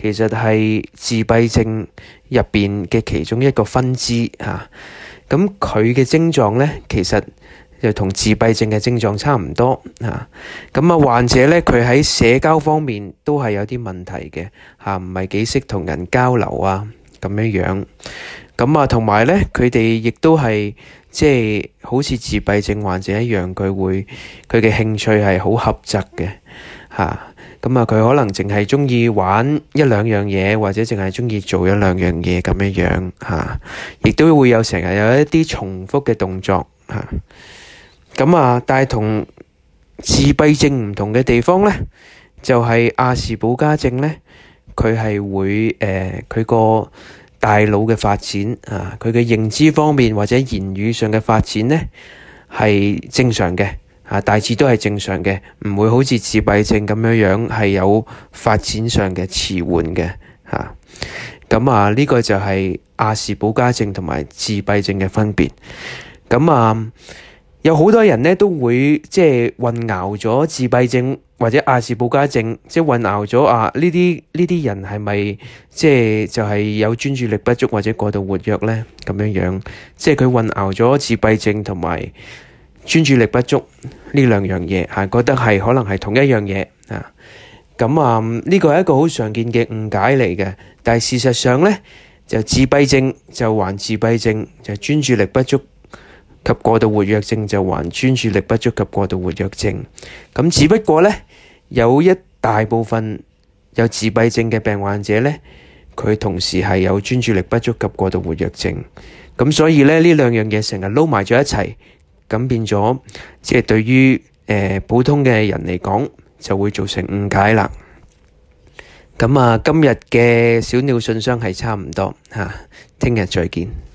其實係自閉症入邊嘅其中一個分支吓，咁佢嘅症狀咧，其實就同自閉症嘅症狀差唔多吓。咁啊，患者咧，佢喺社交方面都係有啲問題嘅吓，唔係幾識同人交流啊咁樣樣。咁啊，同埋咧，佢哋亦都係即係好似自閉症患者一樣，佢會佢嘅興趣係好狹窄嘅吓。啊咁啊，佢可能淨係鍾意玩一兩樣嘢，或者淨係鍾意做一兩樣嘢咁樣樣吓，亦、啊、都會有成日有一啲重複嘅動作吓。咁啊，但係同自閉症唔同嘅地方咧，就係亞氏保加症咧，佢係會誒，佢、呃、個大腦嘅發展啊，佢嘅認知方面或者言語上嘅發展咧係正常嘅。啊，大致都係正常嘅，唔會好似自閉症咁樣樣，係有發展上嘅遲緩嘅。吓，咁啊，呢、這個就係亞氏保加症同埋自閉症嘅分別。咁啊，有好多人呢都會即係混淆咗自閉症或者亞氏保加症，即係混淆咗啊呢啲呢啲人係咪即係就係、是、有專注力不足或者過度活躍呢？咁樣樣，即係佢混淆咗自閉症同埋。專注力不足呢兩樣嘢吓，啊，覺得係可能係同一樣嘢啊。咁，嗯、啊，呢個係一個好常見嘅誤解嚟嘅。但係事實上呢，就自閉症就還自閉症，就專注力不足及過度活躍症就還專注力不足及過度活躍症。咁，啊、只不過呢，有一大部分有自閉症嘅病患者呢，佢同時係有專注力不足及過度活躍症。咁，啊、所以呢，呢兩樣嘢成日撈埋咗一齊。咁變咗，即係對於誒、呃、普通嘅人嚟講，就會造成誤解啦。咁啊，今日嘅小鳥信箱係差唔多嚇，聽日再見。